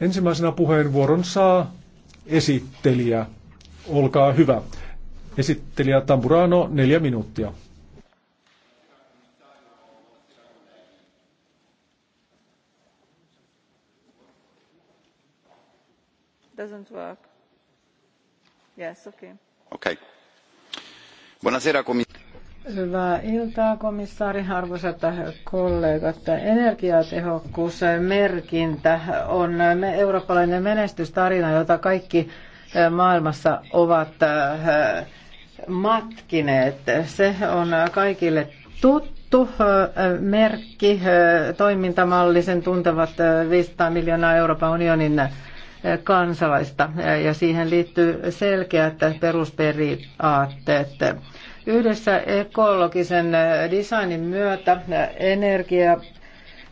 Ensimmäisenä puheenvuoron saa esittelijä. Olkaa hyvä. Esittelijä Tamburano, neljä minuuttia. Doesn't work. Yes, okay. Okay. Buonasera, Hyvää iltaa, komissaari, arvoisat kollegat. Energiatehokkuusmerkintä on eurooppalainen menestystarina, jota kaikki eh, maailmassa ovat eh, matkineet. Se on kaikille tuttu eh, merkki, toimintamalli, sen tuntevat 500 miljoonaa Euroopan unionin kansalaista ja siihen liittyy selkeät perusperiaatteet. Yhdessä ekologisen designin myötä energia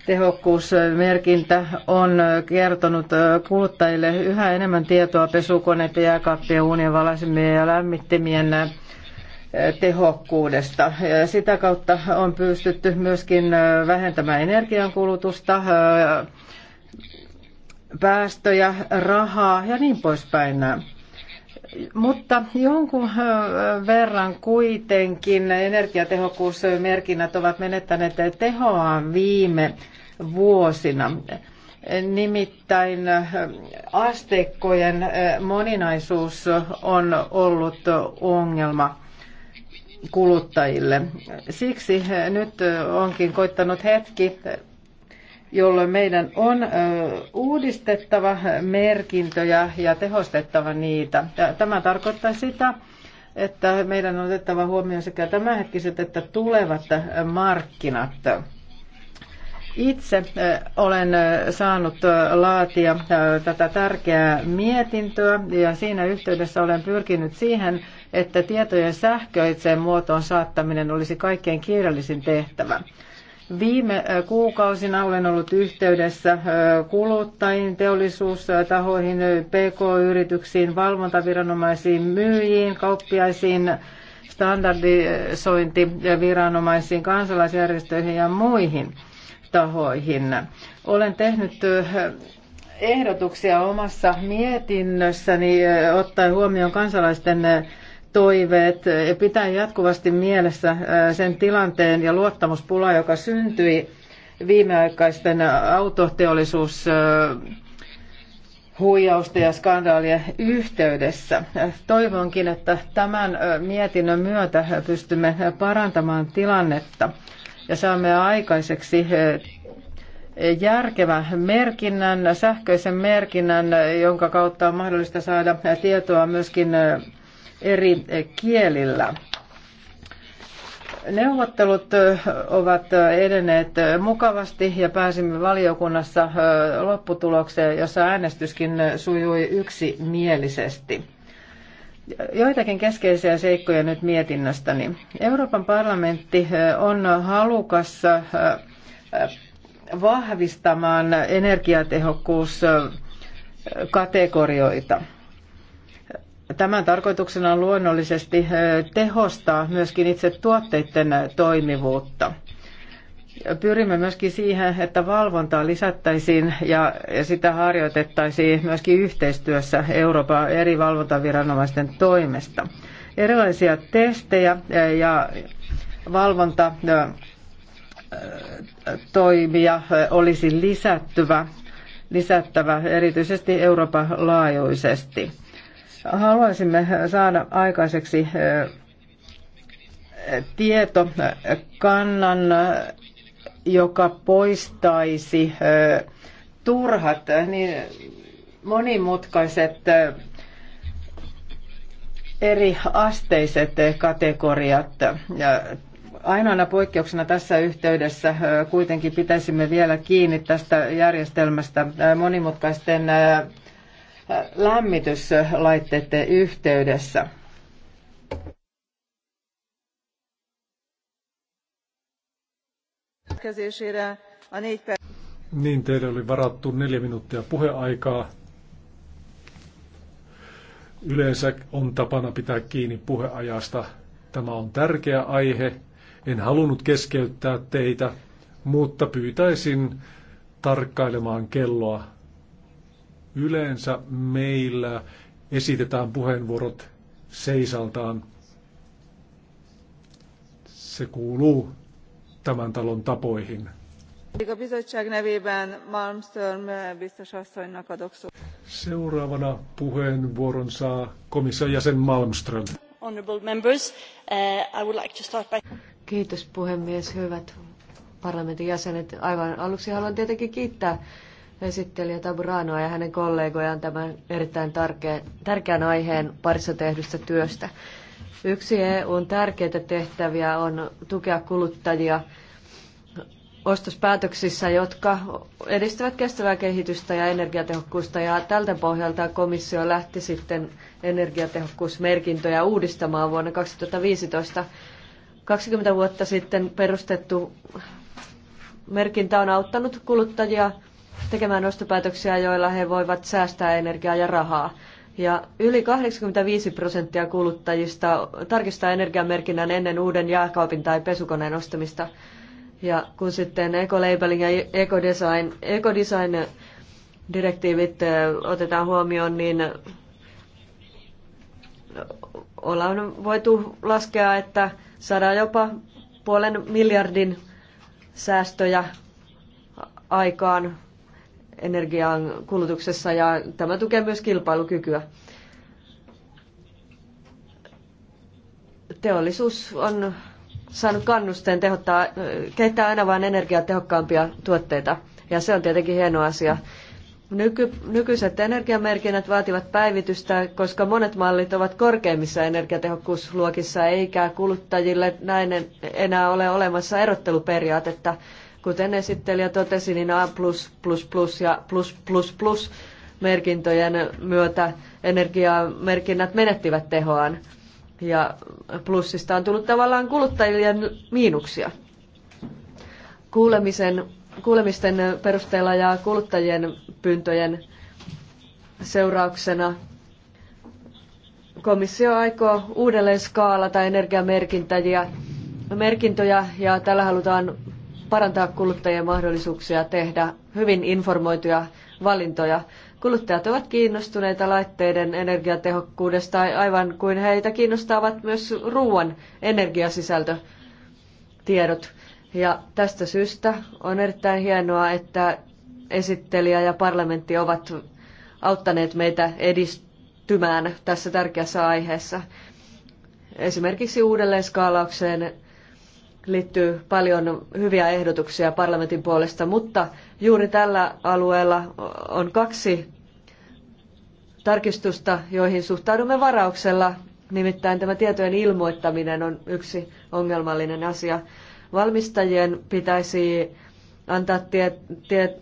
tehokkuusmerkintä on kertonut kuluttajille yhä enemmän tietoa pesukoneiden, jääkaappien, uunien ja lämmittimien tehokkuudesta. Sitä kautta on pystytty myöskin vähentämään energiankulutusta, päästöjä, rahaa ja niin poispäin. Mutta jonkun verran kuitenkin energiatehokkuusmerkinnät ovat menettäneet tehoa viime vuosina. Nimittäin asteikkojen moninaisuus on ollut ongelma kuluttajille. Siksi nyt onkin koittanut hetki jolloin meidän on uudistettava merkintöjä ja tehostettava niitä. Tämä tarkoittaa sitä, että meidän on otettava huomioon sekä tämänhetkiset että tulevat markkinat. Itse olen saanut laatia tätä tärkeää mietintöä ja siinä yhteydessä olen pyrkinyt siihen, että tietojen sähköiseen muotoon saattaminen olisi kaikkein kiireellisin tehtävä. Viime kuukausina olen ollut yhteydessä kuluttajiin, teollisuustahoihin, pk-yrityksiin, valvontaviranomaisiin, myyjiin, kauppiaisiin, standardisointiviranomaisiin, kansalaisjärjestöihin ja muihin tahoihin. Olen tehnyt ehdotuksia omassa mietinnössäni ottaen huomioon kansalaisten toiveet. Pitää jatkuvasti mielessä äh, sen tilanteen ja luottamuspula, joka syntyi viimeaikaisten autoteollisuus äh, huijausta ja skandaalien yhteydessä. Toivonkin, että tämän äh, mietinnön myötä pystymme parantamaan tilannetta ja saamme aikaiseksi järkevän merkinnän, sähköisen merkinnän, jonka kautta on mahdollista saada tietoa myöskin eri kielillä. Neuvottelut ovat edenneet mukavasti ja pääsimme valiokunnassa lopputulokseen, jossa äänestyskin sujui yksimielisesti. Joitakin keskeisiä seikkoja nyt mietinnöstäni. Euroopan parlamentti on halukas vahvistamaan energiatehokkuuskategorioita. Tämän tarkoituksena on luonnollisesti tehostaa myöskin itse tuotteiden toimivuutta. Pyrimme myöskin siihen, että valvontaa lisättäisiin ja sitä harjoitettaisiin myöskin yhteistyössä Euroopan eri valvontaviranomaisten toimesta. Erilaisia testejä ja valvontatoimia olisi lisättävä, lisättävä erityisesti Euroopan laajuisesti. Haluaisimme saada aikaiseksi tietokannan, joka poistaisi turhat, niin monimutkaiset eri asteiset kategoriat. Ja ainoana poikkeuksena tässä yhteydessä kuitenkin pitäisimme vielä kiinni tästä järjestelmästä monimutkaisten lämmityslaitteiden yhteydessä. Niin, teille oli varattu neljä minuuttia puheaikaa. Yleensä on tapana pitää kiinni puheajasta. Tämä on tärkeä aihe. En halunnut keskeyttää teitä, mutta pyytäisin tarkkailemaan kelloa Yleensä meillä esitetään puheenvuorot seisaltaan. Se kuuluu tämän talon tapoihin. Seuraavana puheenvuoron saa komission jäsen Malmström. Uh, Kiitos puhemies, hyvät parlamentin jäsenet. Aivan aluksi haluan tietenkin kiittää esittelijä Taburanoa ja hänen kollegojaan tämän erittäin tärkeän, tärkeän aiheen parissa tehdystä työstä. Yksi EUn tärkeitä tehtäviä on tukea kuluttajia ostospäätöksissä, jotka edistävät kestävää kehitystä ja energiatehokkuutta. Ja tältä pohjalta komissio lähti sitten energiatehokkuusmerkintöjä uudistamaan vuonna 2015. 20 vuotta sitten perustettu merkintä on auttanut kuluttajia tekemään ostopäätöksiä, joilla he voivat säästää energiaa ja rahaa. Ja yli 85 prosenttia kuluttajista tarkistaa energiamerkinnän ennen uuden jääkaupin tai pesukoneen ostamista. Ja kun sitten ekolabeling ja ekodesign, ekodesign direktiivit eh, otetaan huomioon, niin ollaan voitu laskea, että saadaan jopa puolen miljardin säästöjä aikaan energian kulutuksessa ja tämä tukee myös kilpailukykyä. Teollisuus on saanut kannusteen tehottaa, kehittää aina vain energiatehokkaampia tuotteita ja se on tietenkin hieno asia. Nyky, nykyiset energiamerkinnät vaativat päivitystä, koska monet mallit ovat korkeimmissa energiatehokkuusluokissa, eikä kuluttajille näin enää ole olemassa erotteluperiaatetta. Kuten esittelijä totesi, niin A++ ja plus merkintöjen myötä energiamerkinnät menettivät tehoaan ja plussista on tullut tavallaan kuluttajien miinuksia. Kuulemisen, kuulemisten perusteella ja kuluttajien pyyntöjen seurauksena komissio aikoo uudelleen skaalata energiamerkintöjä merkintöjä, ja tällä halutaan parantaa kuluttajien mahdollisuuksia tehdä hyvin informoituja valintoja. Kuluttajat ovat kiinnostuneita laitteiden energiatehokkuudesta aivan kuin heitä kiinnostavat myös ruoan energiasisältötiedot. Ja tästä syystä on erittäin hienoa, että esittelijä ja parlamentti ovat auttaneet meitä edistymään tässä tärkeässä aiheessa. Esimerkiksi uudelleen skaalaukseen liittyy paljon hyviä ehdotuksia parlamentin puolesta, mutta juuri tällä alueella on kaksi tarkistusta, joihin suhtaudumme varauksella. Nimittäin tämä tietojen ilmoittaminen on yksi ongelmallinen asia. Valmistajien pitäisi antaa tie, tie,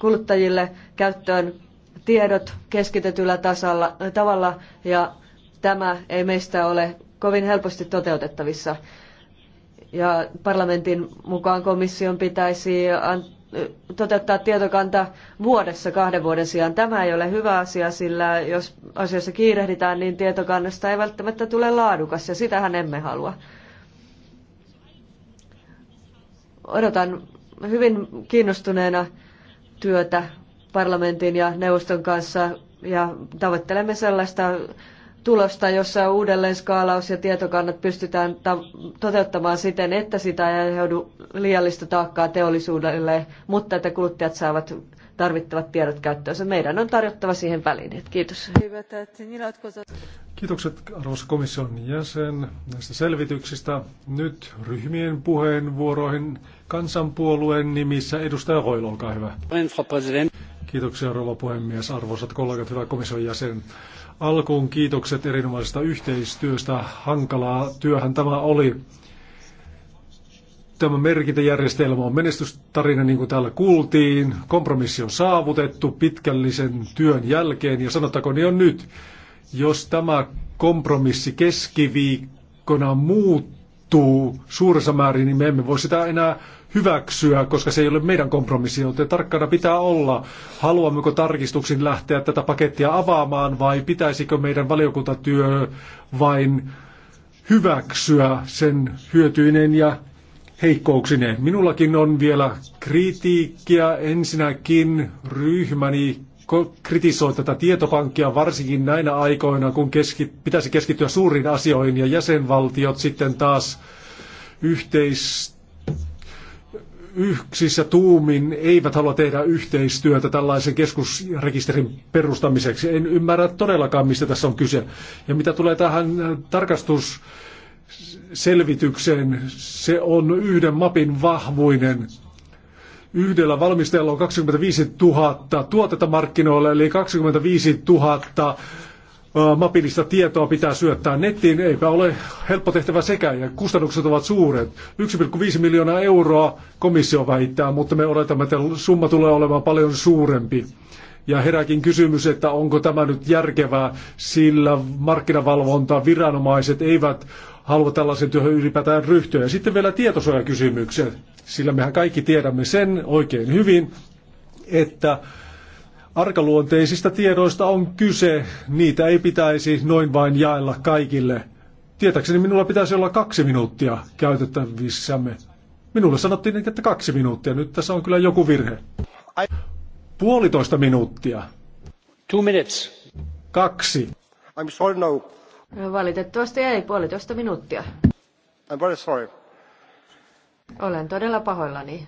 kuluttajille käyttöön tiedot keskitetyllä tasalla, tavalla ja tämä ei meistä ole kovin helposti toteutettavissa. Ja parlamentin mukaan komission pitäisi toteuttaa tietokanta vuodessa kahden vuoden sijaan. Tämä ei ole hyvä asia, sillä jos asiassa kiirehditään, niin tietokannasta ei välttämättä tule laadukas, ja sitähän emme halua. Odotan hyvin kiinnostuneena työtä parlamentin ja neuvoston kanssa, ja tavoittelemme sellaista tulosta, jossa uudelleen skaalaus ja tietokannat pystytään toteuttamaan siten, että sitä ei aiheudu liiallista taakkaa teollisuudelle, mutta että kuluttajat saavat tarvittavat tiedot käyttöönsä. Meidän on tarjottava siihen välineet. Kiitos. Kiitokset arvoisa komission jäsen näistä selvityksistä. Nyt ryhmien puheenvuoroihin kansanpuolueen nimissä. Edustaja Hoilo, olkaa hyvä. Kiitoksia rouva puhemies, arvoisat kollegat, hyvä komission jäsen. Alkuun kiitokset erinomaisesta yhteistyöstä. Hankalaa työhän tämä oli. Tämä merkintäjärjestelmä on menestystarina, niin kuin täällä kuultiin. Kompromissi on saavutettu pitkällisen työn jälkeen, ja sanottakoon niin on nyt. Jos tämä kompromissi keskiviikkona muuttuu suuressa määrin, niin me emme voi sitä enää hyväksyä, koska se ei ole meidän kompromissi, joten tarkkana pitää olla, haluammeko tarkistuksin lähteä tätä pakettia avaamaan vai pitäisikö meidän valiokuntatyö vain hyväksyä sen hyötyinen ja heikkouksineen. Minullakin on vielä kritiikkiä. Ensinnäkin ryhmäni kritisoi tätä tietopankkia varsinkin näinä aikoina, kun keski, pitäisi keskittyä suuriin asioihin ja jäsenvaltiot sitten taas yhteistyötä yksissä tuumin eivät halua tehdä yhteistyötä tällaisen keskusrekisterin perustamiseksi. En ymmärrä todellakaan, mistä tässä on kyse. Ja mitä tulee tähän tarkastusselvitykseen, se on yhden mapin vahvuinen. Yhdellä valmistajalla on 25 000 tuotetta markkinoilla, eli 25 000 Mapillista tietoa pitää syöttää nettiin, eipä ole helppo tehtävä sekään, ja kustannukset ovat suuret. 1,5 miljoonaa euroa komissio väittää, mutta me odotamme, että summa tulee olemaan paljon suurempi. Ja herääkin kysymys, että onko tämä nyt järkevää, sillä markkinavalvonta, viranomaiset eivät halua tällaisen työhön ylipäätään ryhtyä. Ja sitten vielä tietosuojakysymykset, sillä mehän kaikki tiedämme sen oikein hyvin, että Arkaluonteisista tiedoista on kyse, niitä ei pitäisi noin vain jaella kaikille. Tietäkseni minulla pitäisi olla kaksi minuuttia käytettävissämme. Minulle sanottiin, että kaksi minuuttia. Nyt tässä on kyllä joku virhe. Puolitoista minuuttia. Two minutes. Kaksi. I'm sorry, no. Valitettavasti ei puolitoista minuuttia. I'm very sorry. Olen todella pahoillani.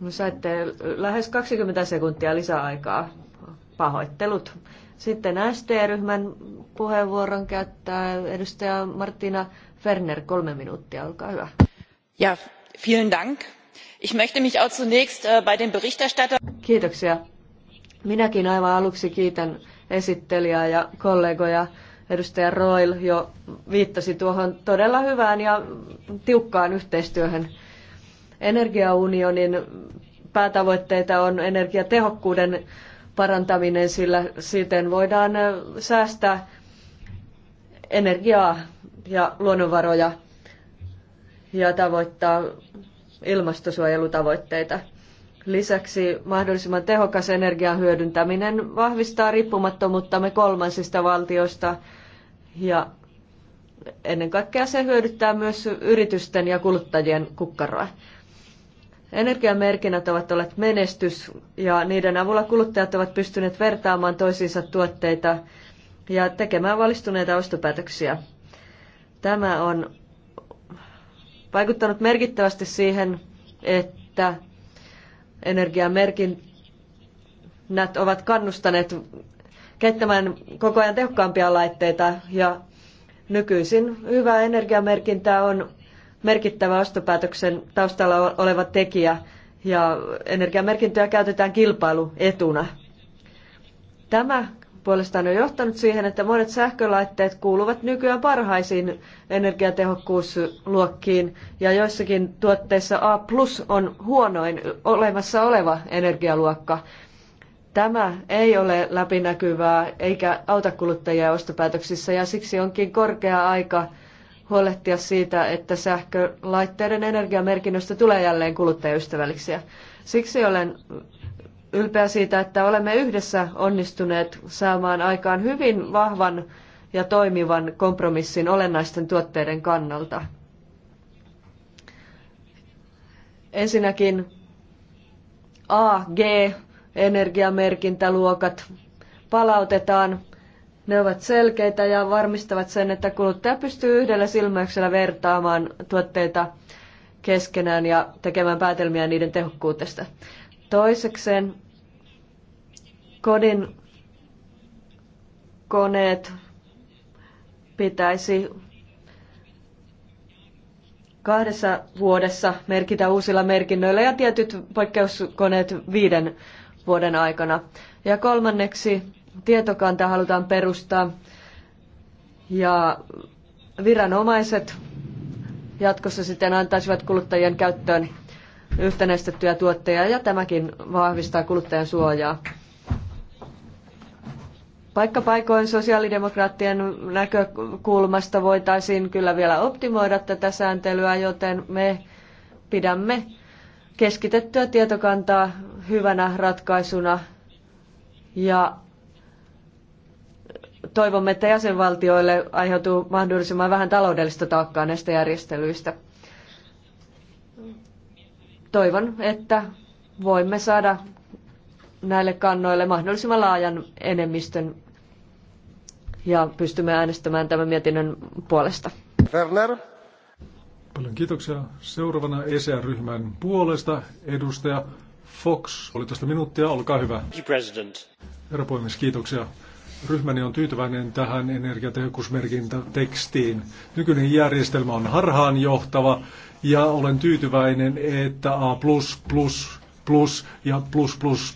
No, saitte lähes 20 sekuntia lisäaikaa. Pahoittelut. Sitten sd ryhmän puheenvuoron käyttää edustaja Martina Ferner. Kolme minuuttia, olkaa hyvä. Ja, vielen dank. Ich möchte mich auch zunächst äh, bei den Berichterstatter... Kiitoksia. Minäkin aivan aluksi kiitän esittelijää ja kollegoja. Edustaja Roil jo viittasi tuohon todella hyvään ja tiukkaan yhteistyöhön energiaunionin päätavoitteita on energiatehokkuuden parantaminen, sillä siten voidaan säästää energiaa ja luonnonvaroja ja tavoittaa ilmastosuojelutavoitteita. Lisäksi mahdollisimman tehokas energian hyödyntäminen vahvistaa riippumattomuuttamme kolmansista valtioista ja ennen kaikkea se hyödyttää myös yritysten ja kuluttajien kukkaroa. Energiamerkinnät ovat olleet menestys ja niiden avulla kuluttajat ovat pystyneet vertaamaan toisiinsa tuotteita ja tekemään valistuneita ostopäätöksiä. Tämä on vaikuttanut merkittävästi siihen, että energiamerkinnät ovat kannustaneet käyttämään koko ajan tehokkaampia laitteita ja nykyisin hyvää energiamerkintää on merkittävä ostopäätöksen taustalla oleva tekijä ja energiamerkintöjä käytetään kilpailuetuna. Tämä puolestaan on johtanut siihen, että monet sähkölaitteet kuuluvat nykyään parhaisiin energiatehokkuusluokkiin ja joissakin tuotteissa A plus on huonoin olemassa oleva energialuokka. Tämä ei ole läpinäkyvää eikä auta kuluttajia ostopäätöksissä ja siksi onkin korkea aika huolehtia siitä, että sähkölaitteiden energiamerkinnöstä tulee jälleen kuluttajaystävällisiä. Siksi olen ylpeä siitä, että olemme yhdessä onnistuneet saamaan aikaan hyvin vahvan ja toimivan kompromissin olennaisten tuotteiden kannalta. Ensinnäkin A, G, energiamerkintäluokat palautetaan ne ovat selkeitä ja varmistavat sen, että kuluttaja pystyy yhdellä silmäyksellä vertaamaan tuotteita keskenään ja tekemään päätelmiä niiden tehokkuudesta. Toisekseen kodin koneet pitäisi kahdessa vuodessa merkitä uusilla merkinnöillä ja tietyt poikkeuskoneet viiden vuoden aikana. Ja kolmanneksi tietokanta halutaan perustaa ja viranomaiset jatkossa sitten antaisivat kuluttajien käyttöön yhtenäistettyjä tuotteja ja tämäkin vahvistaa kuluttajan suojaa. Paikka paikoin sosiaalidemokraattien näkökulmasta voitaisiin kyllä vielä optimoida tätä sääntelyä, joten me pidämme keskitettyä tietokantaa hyvänä ratkaisuna ja toivomme, että jäsenvaltioille aiheutuu mahdollisimman vähän taloudellista taakkaa näistä järjestelyistä. Toivon, että voimme saada näille kannoille mahdollisimman laajan enemmistön ja pystymme äänestämään tämän mietinnön puolesta. Werner. Paljon kiitoksia. Seuraavana ESR-ryhmän puolesta edustaja Fox, puolitoista minuuttia, olkaa hyvä. Herra puhemies, kiitoksia ryhmäni on tyytyväinen tähän energiatehokkuusmerkintätekstiin. Nykyinen järjestelmä on harhaanjohtava ja olen tyytyväinen, että A+++ ja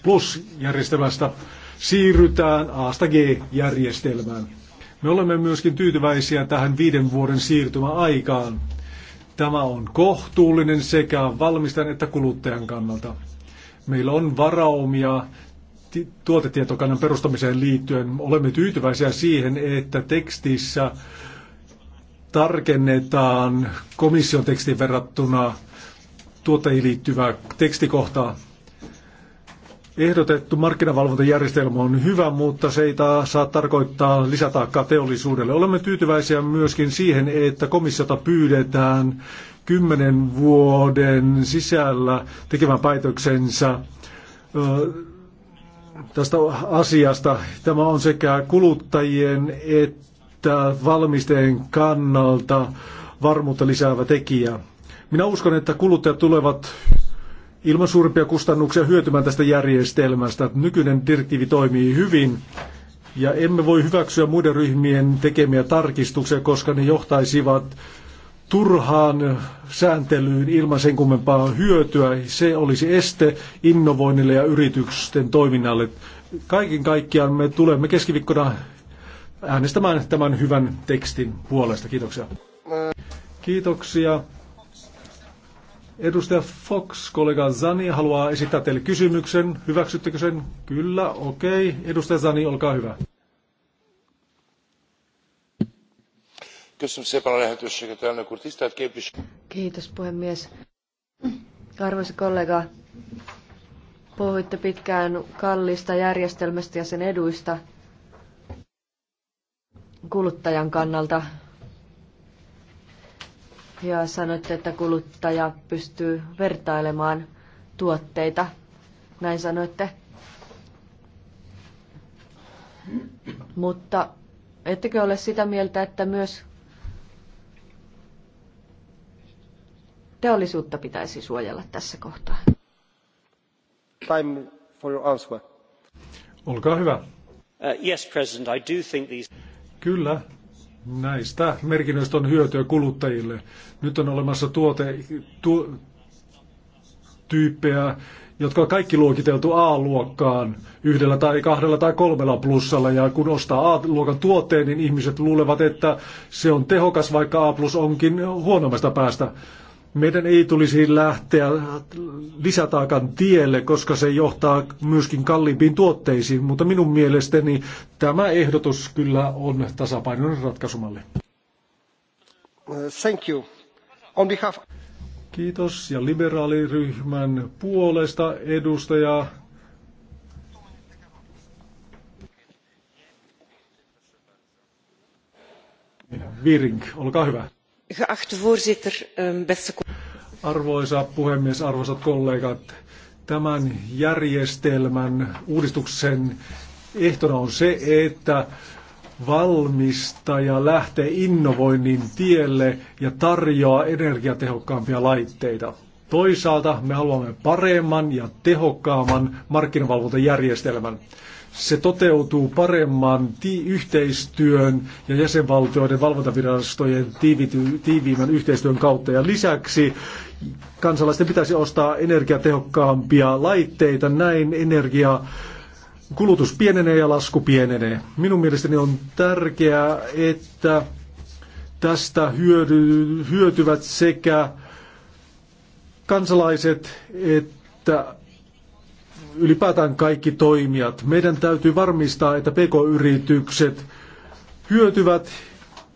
plus järjestelmästä siirrytään A-sta G-järjestelmään. Me olemme myöskin tyytyväisiä tähän viiden vuoden siirtymäaikaan. Tämä on kohtuullinen sekä valmistajan että kuluttajan kannalta. Meillä on varaumia tuotetietokannan perustamiseen liittyen. Olemme tyytyväisiä siihen, että tekstissä tarkennetaan komission tekstin verrattuna tuottajiin liittyvää tekstikohtaa. Ehdotettu markkinavalvontajärjestelmä on hyvä, mutta se ei taas saa tarkoittaa lisätaakkaa teollisuudelle. Olemme tyytyväisiä myöskin siihen, että komissiota pyydetään kymmenen vuoden sisällä tekemään päätöksensä tästä asiasta. Tämä on sekä kuluttajien että valmisteen kannalta varmuutta lisäävä tekijä. Minä uskon, että kuluttajat tulevat ilman suurimpia kustannuksia hyötymään tästä järjestelmästä. Nykyinen direktiivi toimii hyvin ja emme voi hyväksyä muiden ryhmien tekemiä tarkistuksia, koska ne johtaisivat turhaan sääntelyyn ilman sen kummempaa hyötyä. Se olisi este innovoinnille ja yritysten toiminnalle. Kaiken kaikkiaan me tulemme keskiviikkona äänestämään tämän hyvän tekstin puolesta. Kiitoksia. Kiitoksia. Edustaja Fox, kollega Zani, haluaa esittää teille kysymyksen. Hyväksyttekö sen? Kyllä, okei. Okay. Edustaja Zani, olkaa hyvä. Kiitos puhemies. Arvoisa kollega, puhuitte pitkään kalliista järjestelmästä ja sen eduista kuluttajan kannalta. Ja sanoitte, että kuluttaja pystyy vertailemaan tuotteita. Näin sanoitte. Mutta ettekö ole sitä mieltä, että myös teollisuutta pitäisi suojella tässä kohtaa. Time for your answer. Olkaa hyvä. Uh, yes, President, I do think these... Kyllä, näistä merkinnöistä on hyötyä kuluttajille. Nyt on olemassa tuote, tu, tyyppejä, jotka on kaikki luokiteltu A-luokkaan yhdellä tai kahdella tai kolmella plussalla. Ja kun ostaa A-luokan tuotteen, niin ihmiset luulevat, että se on tehokas, vaikka A plus onkin huonommasta päästä. Meidän ei tulisi lähteä lisätaakan tielle, koska se johtaa myöskin kalliimpiin tuotteisiin, mutta minun mielestäni tämä ehdotus kyllä on tasapainoinen ratkaisumalli. Thank you. On behalf... Kiitos ja liberaaliryhmän puolesta edustaja Viring, olkaa hyvä. Ehm, Arvoisa puhemies, arvoisat kollegat, tämän järjestelmän uudistuksen ehtona on se, että valmistaja lähtee innovoinnin tielle ja tarjoaa energiatehokkaampia laitteita. Toisaalta me haluamme paremman ja tehokkaamman markkinavalvontajärjestelmän se toteutuu paremman yhteistyön ja jäsenvaltioiden valvontavirastojen tiivity- tiiviimmän yhteistyön kautta. Ja lisäksi kansalaisten pitäisi ostaa energiatehokkaampia laitteita, näin energia kulutus pienenee ja lasku pienenee. Minun mielestäni on tärkeää, että tästä hyödy- hyötyvät sekä kansalaiset että ylipäätään kaikki toimijat. Meidän täytyy varmistaa, että pk-yritykset hyötyvät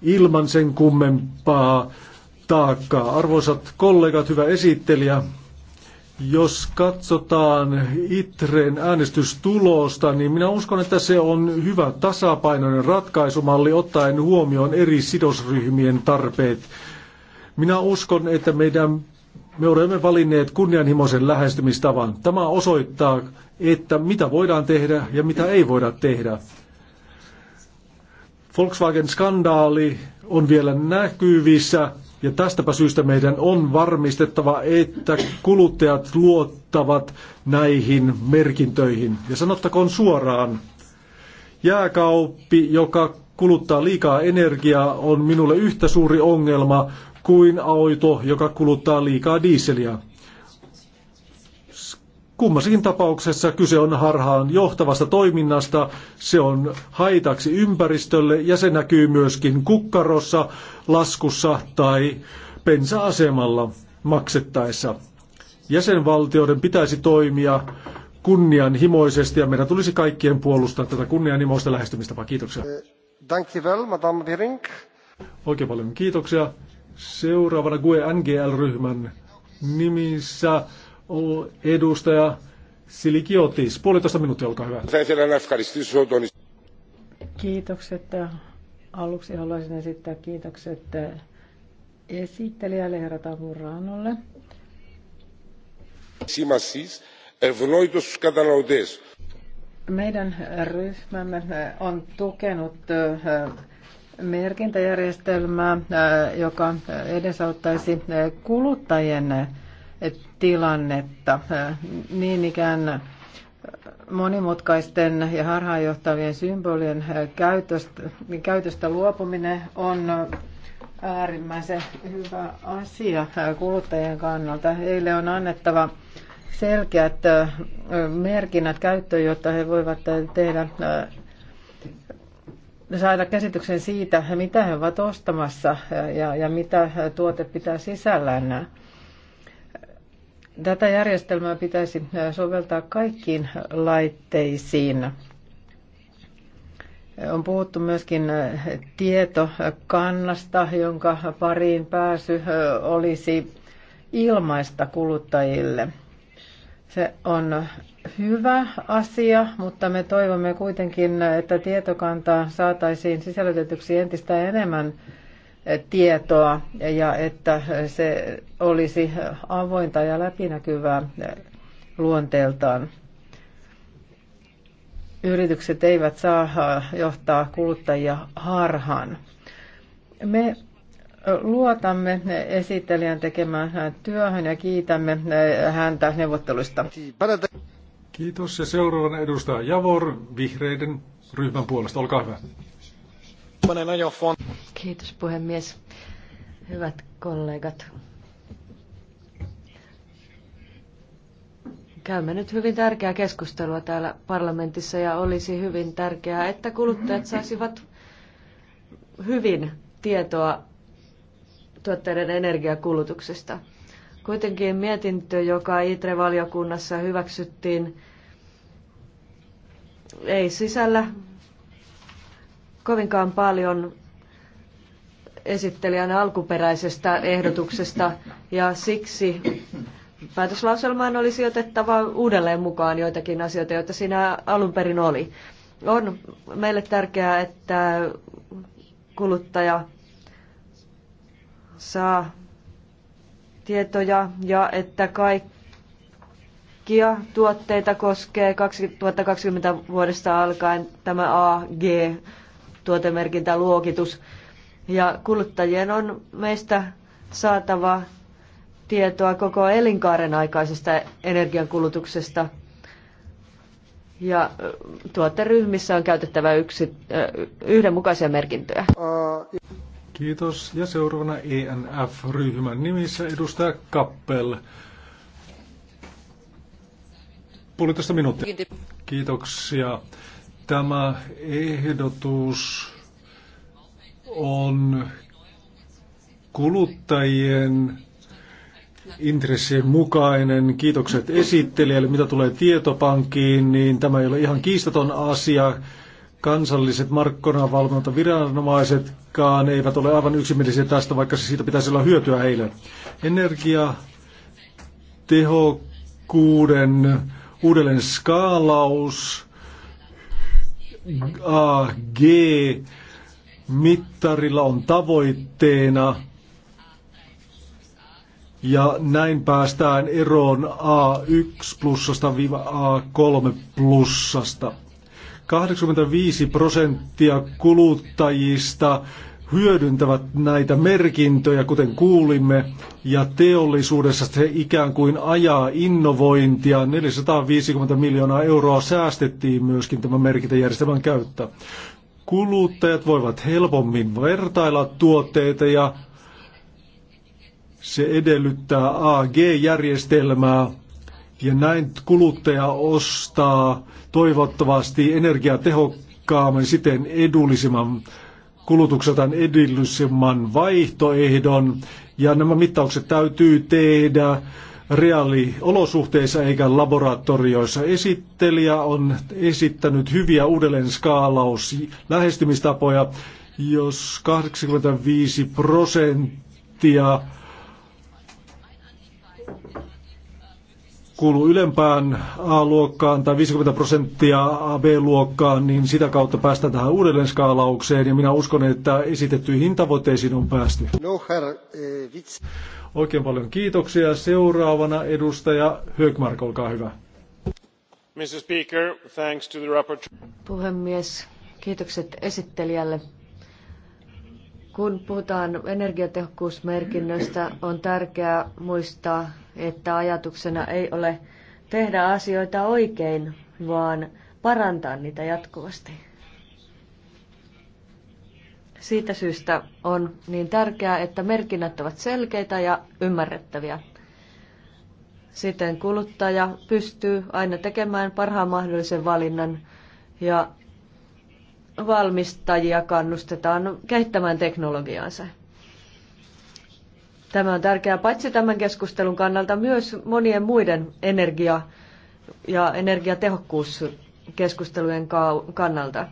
ilman sen kummempaa taakkaa. Arvoisat kollegat, hyvä esittelijä, jos katsotaan ITREn äänestystulosta, niin minä uskon, että se on hyvä tasapainoinen ratkaisumalli ottaen huomioon eri sidosryhmien tarpeet. Minä uskon, että meidän me olemme valinneet kunnianhimoisen lähestymistavan. Tämä osoittaa, että mitä voidaan tehdä ja mitä ei voida tehdä. Volkswagen-skandaali on vielä näkyvissä ja tästäpä syystä meidän on varmistettava, että kuluttajat luottavat näihin merkintöihin. Ja sanottakoon suoraan, jääkauppi, joka kuluttaa liikaa energiaa, on minulle yhtä suuri ongelma kuin auto, joka kuluttaa liikaa diiseliä. Kummassakin tapauksessa kyse on harhaan johtavasta toiminnasta, se on haitaksi ympäristölle ja se näkyy myöskin kukkarossa, laskussa tai pensa asemalla maksettaessa. Jäsenvaltioiden pitäisi toimia kunnianhimoisesti ja meidän tulisi kaikkien puolustaa tätä kunnianhimoista lähestymistapaa. Kiitoksia. Oikein paljon kiitoksia. Seuraavana GUE NGL-ryhmän nimissä on edustaja Silikiotis. Puolitoista minuuttia, olkaa hyvä. Kiitokset. Aluksi haluaisin esittää kiitokset esittelijälle herra Tavuranolle. Meidän ryhmämme on tukenut merkintäjärjestelmää, äh, joka edesauttaisi äh, kuluttajien äh, tilannetta. Niin ikään monimutkaisten ja harhaanjohtavien symbolien käytöstä, käytöstä luopuminen on äärimmäisen hyvä asia kuluttajien kannalta. Heille on annettava selkeät merkinnät käyttöön, jotta he voivat tehdä saada käsityksen siitä, mitä he ovat ostamassa ja, ja mitä tuote pitää sisällään. Tätä järjestelmää pitäisi soveltaa kaikkiin laitteisiin. On puhuttu myöskin tietokannasta, jonka pariin pääsy olisi ilmaista kuluttajille. Se on hyvä asia, mutta me toivomme kuitenkin, että tietokanta saataisiin sisällytetyksi entistä enemmän tietoa ja että se olisi avointa ja läpinäkyvää luonteeltaan. Yritykset eivät saa johtaa kuluttajia harhaan. Me luotamme esittelijän tekemään työhön ja kiitämme häntä neuvotteluista. Kiitos. Ja seuraavana edustaja Javor vihreiden ryhmän puolesta. Olkaa hyvä. Kiitos puhemies. Hyvät kollegat. Käymme nyt hyvin tärkeää keskustelua täällä parlamentissa ja olisi hyvin tärkeää, että kuluttajat saisivat hyvin tietoa tuotteiden energiakulutuksesta. Kuitenkin mietintö, joka ITRE-valiokunnassa hyväksyttiin, ei sisällä kovinkaan paljon esittelijän alkuperäisestä ehdotuksesta ja siksi päätöslauselmaan olisi otettava uudelleen mukaan joitakin asioita, joita siinä alun perin oli. On meille tärkeää, että kuluttaja saa tietoja ja että kaikkia tuotteita koskee 2020 vuodesta alkaen tämä AG-tuotemerkintäluokitus. Ja kuluttajien on meistä saatava tietoa koko elinkaaren aikaisesta energiankulutuksesta. Ja tuoteryhmissä on käytettävä yksi, yhdenmukaisia merkintöjä. Kiitos. Ja seuraavana ENF-ryhmän nimissä edustaja Kappel. Puolitoista minuuttia. Kiitoksia. Tämä ehdotus on kuluttajien intressien mukainen. Kiitokset esittelijälle. Mitä tulee tietopankkiin, niin tämä ei ole ihan kiistaton asia kansalliset markkinavalvontaviranomaisetkaan eivät ole aivan yksimielisiä tästä, vaikka siitä pitäisi olla hyötyä heille. Energia tehokkuuden uudelleen skaalaus, AG, mittarilla on tavoitteena ja näin päästään eroon A1 plussasta viiva A3 plussasta. 85 prosenttia kuluttajista hyödyntävät näitä merkintöjä, kuten kuulimme, ja teollisuudessa se ikään kuin ajaa innovointia. 450 miljoonaa euroa säästettiin myöskin tämän merkintäjärjestelmän käyttö. Kuluttajat voivat helpommin vertailla tuotteita ja se edellyttää AG-järjestelmää, ja näin kuluttaja ostaa toivottavasti energiatehokkaamman siten edullisimman kulutukseltaan edullisimman vaihtoehdon. Ja nämä mittaukset täytyy tehdä reaaliolosuhteissa eikä laboratorioissa. Esittelijä on esittänyt hyviä uudelleen skaalaus lähestymistapoja, jos 85 prosenttia kuuluu ylempään A-luokkaan tai 50 prosenttia B-luokkaan, niin sitä kautta päästään tähän uudelleen skaalaukseen ja minä uskon, että esitettyihin tavoitteisiin on päästy. No, eh, Oikein paljon kiitoksia. Seuraavana edustaja Hökmark, olkaa hyvä. Mr. Speaker, thanks to the Puhemies, kiitokset esittelijälle. Kun puhutaan energiatehokkuusmerkinnöstä, on tärkeää muistaa, että ajatuksena ei ole tehdä asioita oikein, vaan parantaa niitä jatkuvasti. Siitä syystä on niin tärkeää, että merkinnät ovat selkeitä ja ymmärrettäviä. Siten kuluttaja pystyy aina tekemään parhaan mahdollisen valinnan ja valmistajia kannustetaan kehittämään teknologiaansa. Tämä on tärkeää paitsi tämän keskustelun kannalta myös monien muiden energia- ja energiatehokkuuskeskustelujen kannalta.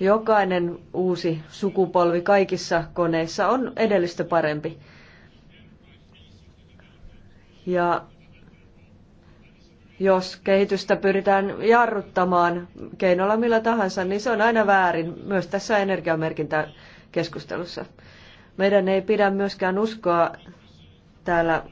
Jokainen uusi sukupolvi kaikissa koneissa on edellistä parempi. Ja jos kehitystä pyritään jarruttamaan keinolla millä tahansa, niin se on aina väärin myös tässä energiamerkintäkeskustelussa. Meidän ei pidä myöskään uskoa täällä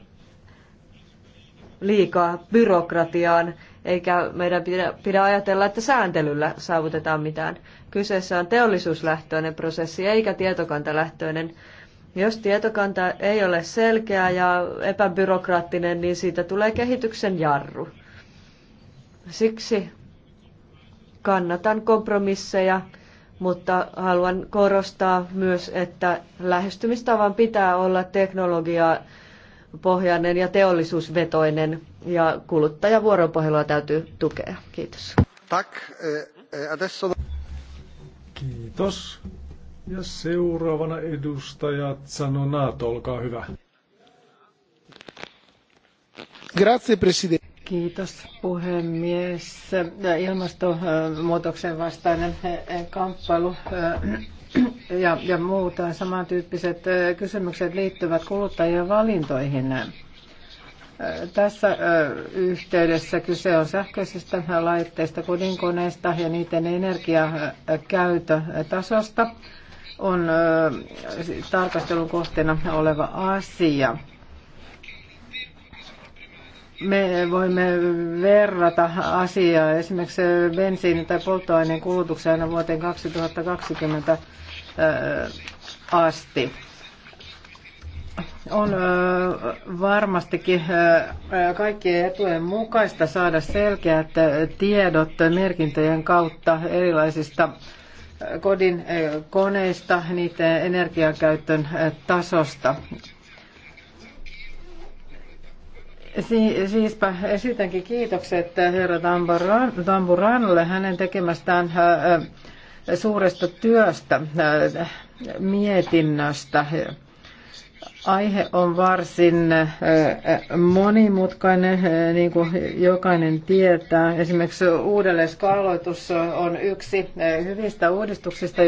liikaa byrokratiaan, eikä meidän pidä, pidä ajatella, että sääntelyllä saavutetaan mitään. Kyseessä on teollisuuslähtöinen prosessi eikä tietokantalähtöinen. Jos tietokanta ei ole selkeä ja epäbyrokraattinen, niin siitä tulee kehityksen jarru. Siksi kannatan kompromisseja, mutta haluan korostaa myös, että lähestymistavan pitää olla teknologiaa pohjainen ja teollisuusvetoinen ja kuluttajavuoropuhelua täytyy tukea. Kiitos. Tak, e, e, Adesso... Kiitos. Ja seuraavana edustajat Sanonaat, olkaa hyvä. Grazie, presidente. Kiitos puhemies. Ilmastonmuutoksen vastainen eh, kamppailu eh, ja, ja muuta eh, samantyyppiset kysymykset liittyvät kuluttajien valintoihin. Tässä yhteydessä kyse on sähköisistä laitteista, kodinkoneista ja niiden energiakäytötasosta on tarkastelun kohteena oleva asia me voimme verrata asiaa esimerkiksi bensiini- tai polttoaineen kulutukseen aina vuoteen 2020 äh, asti. On äh, varmastikin äh, kaikkien etujen mukaista saada selkeät tiedot merkintöjen kautta erilaisista kodin koneista, niiden energiakäytön tasosta. Si- siispä esitänkin kiitokset herra Tamburanolle hänen tekemästään äh, äh, suuresta työstä, äh, mietinnöstä. Aihe on varsin monimutkainen, niin kuin jokainen tietää. Esimerkiksi uudelleen skaaloitus on yksi hyvistä uudistuksista,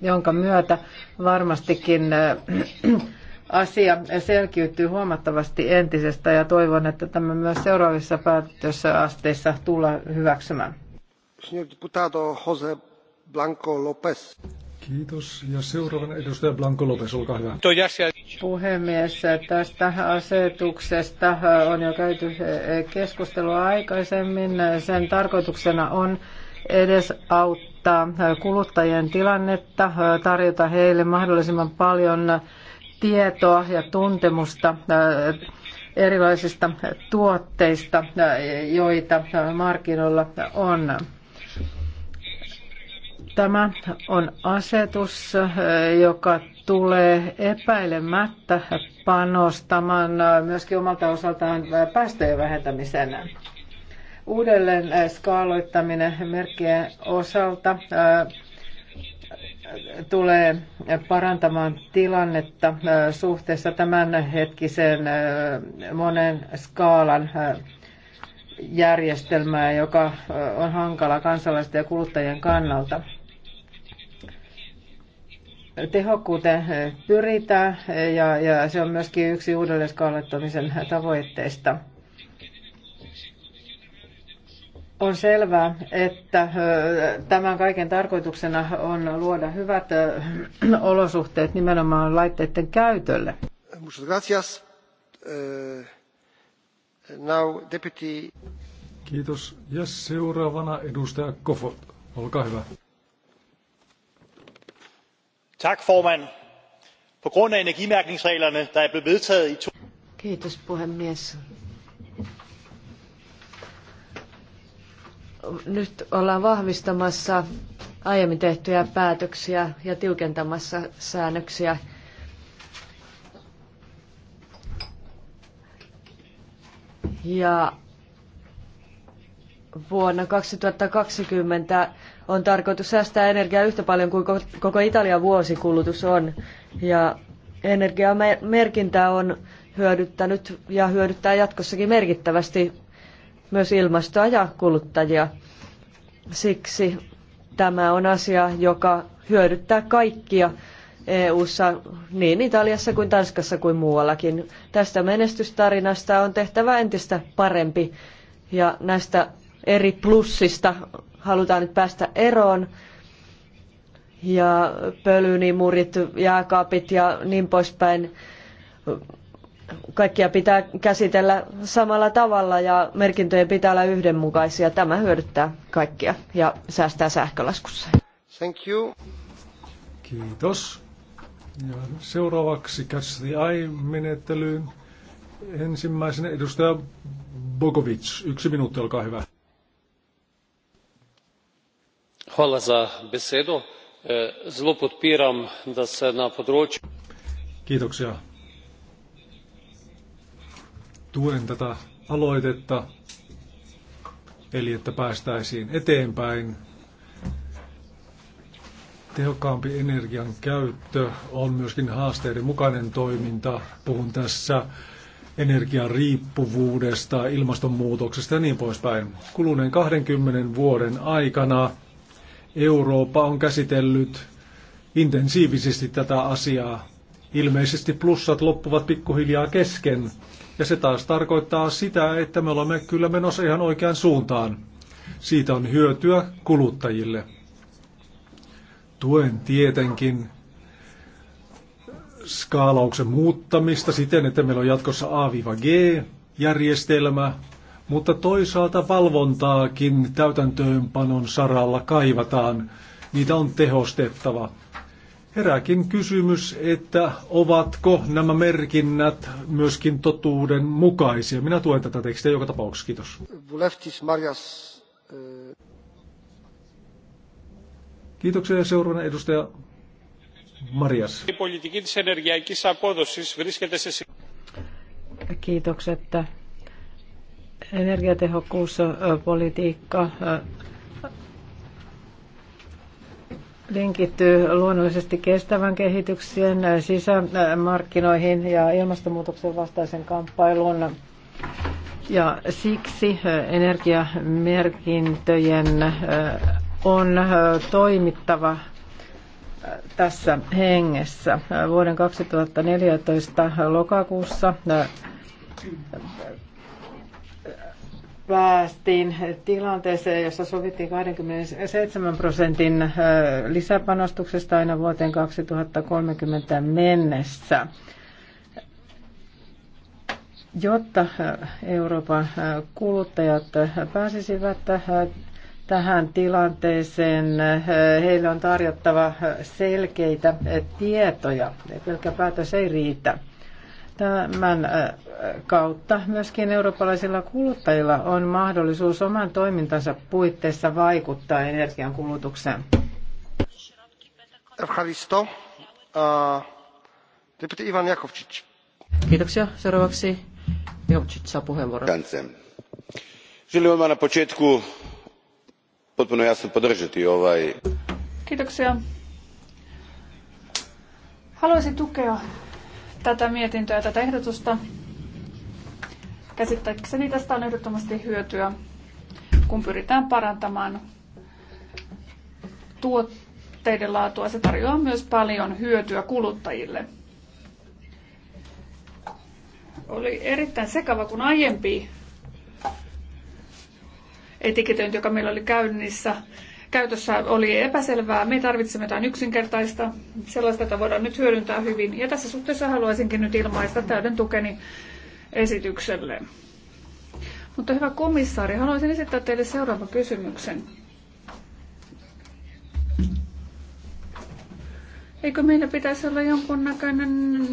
jonka myötä varmastikin asia selkiytyy huomattavasti entisestä ja toivon, että tämä myös seuraavissa päätösasteissa tulee hyväksymään. Blanco López. Kiitos. Ja seuraavana edustaja Blanco Lopez, olkaa hyvä. Puhemies, tästä asetuksesta on jo käyty keskustelua aikaisemmin. Sen tarkoituksena on edes auttaa kuluttajien tilannetta, tarjota heille mahdollisimman paljon tietoa ja tuntemusta äh, erilaisista tuotteista, äh, joita äh, markkinoilla on. Tämä on asetus, joka tulee epäilemättä panostamaan myöskin omalta osaltaan päästöjen vähentämiseen. Uudelleen skaaloittaminen merkkien osalta tulee parantamaan tilannetta äh, suhteessa tämänhetkiseen äh, monen skaalan äh, järjestelmään, joka on hankala kansalaisten ja kuluttajien kannalta. Tehokkuuteen pyritään ja, ja se on myöskin yksi uudelleen skaalattomisen tavoitteista. On selvää, että tämän kaiken tarkoituksena on luoda hyvät olosuhteet nimenomaan laitteiden käytölle. Muchas gracias. Eh, now deputy... Kiitos. Ja seuraavana edustaja Kofot. Olkaa hyvä. Tack formand. På grund av energimärkningsreglerna, der er blevet vedtaget i... Kiitos, puhemies nyt ollaan vahvistamassa aiemmin tehtyjä päätöksiä ja tiukentamassa säännöksiä. Ja vuonna 2020 on tarkoitus säästää energiaa yhtä paljon kuin koko Italian vuosikulutus on. Ja energiamerkintä on hyödyttänyt ja hyödyttää jatkossakin merkittävästi myös ilmastoa ja kuluttajia. Siksi tämä on asia, joka hyödyttää kaikkia EU-ssa niin Italiassa kuin Tanskassa kuin muuallakin. Tästä menestystarinasta on tehtävä entistä parempi ja näistä eri plussista halutaan nyt päästä eroon ja pölynimurit, jääkaapit ja niin poispäin kaikkia pitää käsitellä samalla tavalla ja merkintöjen pitää olla yhdenmukaisia. Tämä hyödyttää kaikkia ja säästää sähkölaskussa. Thank you. Kiitos. Ja seuraavaksi käsitsi menettelyyn Ensimmäisen edustaja Bogovic. Yksi minuutti, olkaa hyvä. Hvala za besedo. E, zelo podpiram, da se na področju... Kiitoksia tuen tätä aloitetta, eli että päästäisiin eteenpäin. Tehokkaampi energian käyttö on myöskin haasteiden mukainen toiminta. Puhun tässä energian riippuvuudesta, ilmastonmuutoksesta ja niin poispäin. Kuluneen 20 vuoden aikana Eurooppa on käsitellyt intensiivisesti tätä asiaa Ilmeisesti plussat loppuvat pikkuhiljaa kesken. Ja se taas tarkoittaa sitä, että me olemme kyllä menossa ihan oikeaan suuntaan. Siitä on hyötyä kuluttajille. Tuen tietenkin skaalauksen muuttamista siten, että meillä on jatkossa A-G-järjestelmä, mutta toisaalta valvontaakin täytäntöönpanon saralla kaivataan. Niitä on tehostettava. Herääkin kysymys, että ovatko nämä merkinnät myöskin totuuden mukaisia. Minä tuen tätä tekstiä joka tapauksessa. Kiitos. Äh. Kiitoksia ja seuraavana edustaja Marias. Kiitokset. Energiatehokkuuspolitiikka linkittyy luonnollisesti kestävän kehityksen äh, sisämarkkinoihin ja ilmastonmuutoksen vastaisen kamppailun. Ja siksi äh, energiamerkintöjen äh, on toimittava tässä hengessä. Vuoden 2014 lokakuussa päästiin tilanteeseen, jossa sovittiin 27 prosentin lisäpanostuksesta aina vuoteen 2030 mennessä. Jotta Euroopan kuluttajat pääsisivät tähän tilanteeseen, heille on tarjottava selkeitä tietoja. Pelkkä päätös ei riitä. Tämän äh, kautta myöskin eurooppalaisilla kuluttajilla on mahdollisuus oman toimintansa puitteissa vaikuttaa energiankulutukseen. Äh, Kiitoksia. Seuraavaksi Jakovčić saa puheenvuoron. Želim odmah na početku potpuno jasno podržati ovaj... Kiitoksia. Haluaisin tukea tätä mietintöä ja tätä ehdotusta. Käsittääkseni tästä on ehdottomasti hyötyä, kun pyritään parantamaan tuotteiden laatua. Se tarjoaa myös paljon hyötyä kuluttajille. Oli erittäin sekava, kun aiempi etiketöinti, joka meillä oli käynnissä, käytössä oli epäselvää. Me tarvitsemme jotain yksinkertaista, sellaista, jota voidaan nyt hyödyntää hyvin. Ja tässä suhteessa haluaisinkin nyt ilmaista täyden tukeni esitykselle. Mutta hyvä komissaari, haluaisin esittää teille seuraavan kysymyksen. Eikö meillä pitäisi olla jonkunnäköinen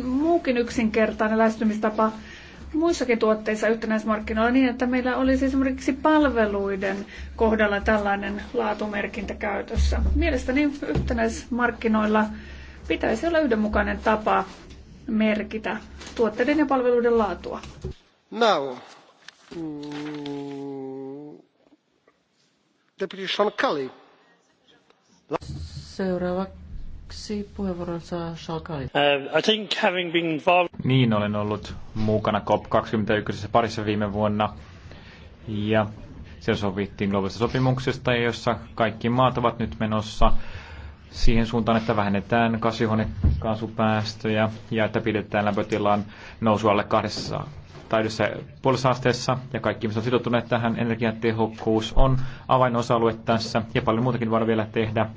muukin yksinkertainen lähestymistapa muissakin tuotteissa yhtenäismarkkinoilla niin, että meillä olisi esimerkiksi palveluiden kohdalla tällainen laatumerkintä käytössä. Mielestäni yhtenäismarkkinoilla pitäisi olla yhdenmukainen tapa merkitä tuotteiden ja palveluiden laatua. Now, mm, Deputy Sean Kelly. Seuraava puheenvuoron saa Shalkali. Uh, I think having been involved... Niin, olen ollut mukana COP21 parissa viime vuonna. Ja siellä sovittiin globaalista sopimuksesta, jossa kaikki maat ovat nyt menossa siihen suuntaan, että vähennetään kasvihuonekaasupäästöjä ja että pidetään lämpötilan nousu alle kahdessa tai yhdessä puolessa asteessa, ja kaikki ihmiset on sitoutuneet tähän. Energiatehokkuus on avainosa-alue tässä, ja paljon muutakin voidaan vielä tehdä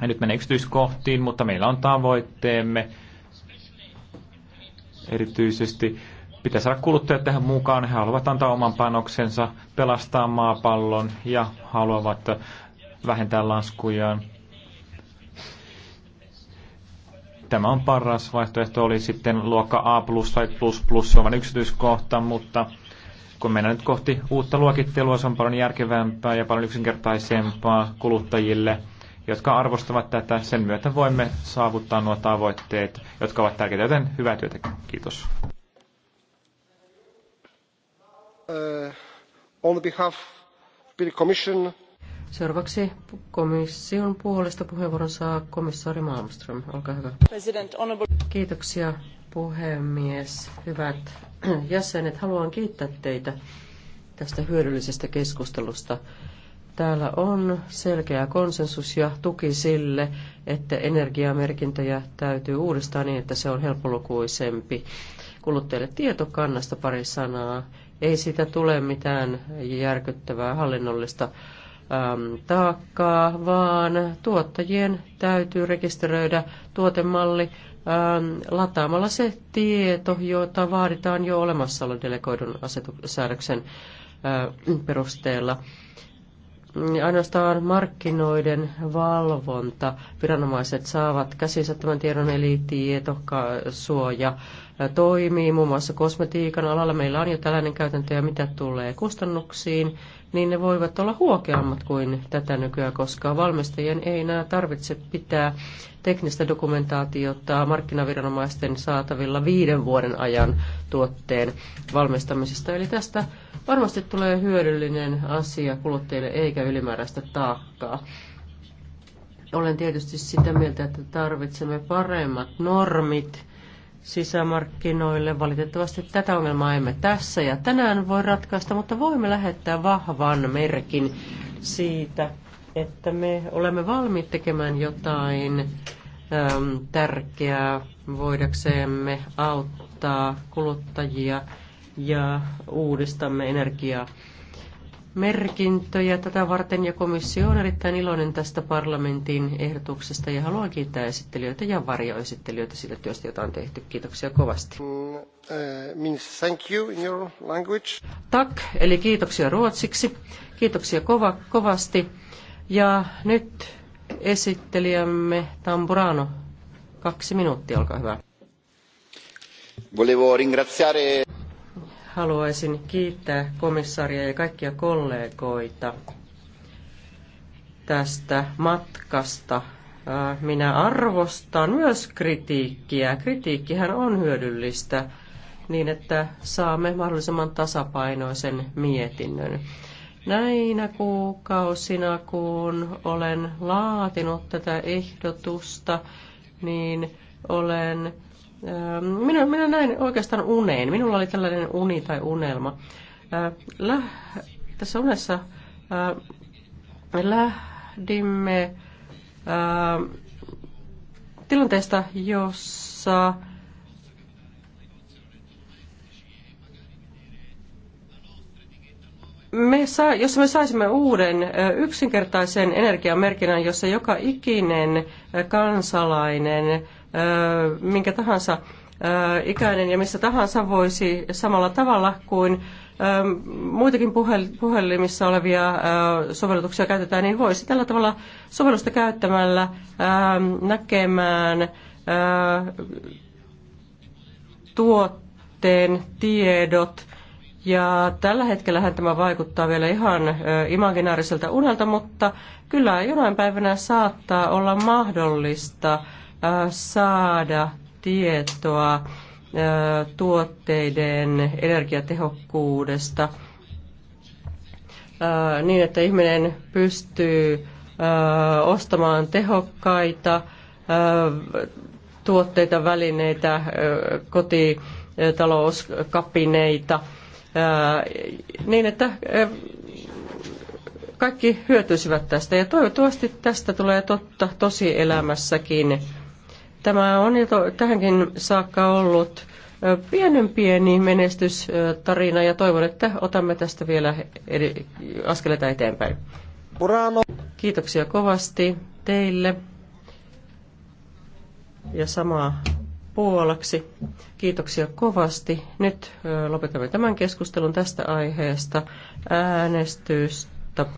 en nyt mene yksityiskohtiin, mutta meillä on tavoitteemme. Erityisesti pitää saada kuluttajat tähän mukaan. He haluavat antaa oman panoksensa, pelastaa maapallon ja haluavat vähentää laskujaan. Tämä on paras vaihtoehto, oli sitten luokka A plus tai plus plus, se on vain yksityiskohta, mutta kun mennään nyt kohti uutta luokittelua, se on paljon järkevämpää ja paljon yksinkertaisempaa kuluttajille – jotka arvostavat tätä. Sen myötä voimme saavuttaa nuo tavoitteet, jotka ovat tärkeitä, joten hyvää työtä. Kiitos. Uh, on behalf of Commission. Seuraavaksi komission puolesta puheenvuoron saa komissaari Malmström. Olkaa hyvä. Kiitoksia puhemies. Hyvät jäsenet, haluan kiittää teitä tästä hyödyllisestä keskustelusta. Täällä on selkeä konsensus ja tuki sille, että energiamerkintöjä täytyy uudistaa niin, että se on helppolukuisempi. Kuluttajille tietokannasta pari sanaa. Ei siitä tule mitään järkyttävää hallinnollista äm, taakkaa, vaan tuottajien täytyy rekisteröidä tuotemalli äm, lataamalla se tieto, jota vaaditaan jo olemassa olevan delegoidun asetus- perusteella. Niin ainoastaan markkinoiden valvonta. Viranomaiset saavat käsinsä tämän tiedon, eli tietosuoja toimii. Muun muassa kosmetiikan alalla meillä on jo tällainen käytäntö, ja mitä tulee kustannuksiin, niin ne voivat olla huokeammat kuin tätä nykyään, koska valmistajien ei enää tarvitse pitää teknistä dokumentaatiota markkinaviranomaisten saatavilla viiden vuoden ajan tuotteen valmistamisesta. Eli tästä varmasti tulee hyödyllinen asia kuluttajille eikä ylimääräistä taakkaa. Olen tietysti sitä mieltä, että tarvitsemme paremmat normit sisämarkkinoille. Valitettavasti tätä ongelmaa emme tässä ja tänään voi ratkaista, mutta voimme lähettää vahvan merkin siitä, että me olemme valmiit tekemään jotain äm, tärkeää voidaksemme auttaa kuluttajia ja uudistamme energiaa merkintöjä tätä varten ja komissio on erittäin iloinen tästä parlamentin ehdotuksesta ja haluan kiittää esittelijöitä ja varjoesittelijöitä siitä työstä, jota on tehty. Kiitoksia kovasti. Mm, eh, thank you in your language. Tak, eli kiitoksia ruotsiksi. Kiitoksia kova, kovasti. Ja nyt esittelijämme Tamburano. Kaksi minuuttia, olkaa hyvä. Volevo ringraziare haluaisin kiittää komissaria ja kaikkia kollegoita tästä matkasta. Minä arvostan myös kritiikkiä. Kritiikkihän on hyödyllistä niin, että saamme mahdollisimman tasapainoisen mietinnön. Näinä kuukausina, kun olen laatinut tätä ehdotusta, niin olen Ähm, minä, minä näin oikeastaan uneen. Minulla oli tällainen uni tai unelma. Äh, läh, tässä unessa me äh, lähdimme ähm, tilanteesta, jossa me saa, jos me saisimme uuden äh, yksinkertaisen energiamerkinnän, jossa joka ikinen kansalainen minkä tahansa ikäinen ja missä tahansa voisi samalla tavalla kuin muitakin puhelimissa olevia sovellutuksia käytetään, niin voisi tällä tavalla sovellusta käyttämällä näkemään tuotteen tiedot. Ja tällä hetkellähän tämä vaikuttaa vielä ihan imaginaariselta unelta, mutta kyllä jonain päivänä saattaa olla mahdollista – saada tietoa tuotteiden energiatehokkuudesta niin, että ihminen pystyy ostamaan tehokkaita tuotteita, välineitä, kotitalouskapineita, niin että kaikki hyötyisivät tästä. Ja toivottavasti tästä tulee totta tosi elämässäkin. Tämä on jo tähänkin saakka ollut pienen pieni menestystarina ja toivon, että otamme tästä vielä eri, askeleita eteenpäin. Burano. Kiitoksia kovasti teille ja samaa puolaksi. Kiitoksia kovasti. Nyt lopetamme tämän keskustelun tästä aiheesta. Äänestys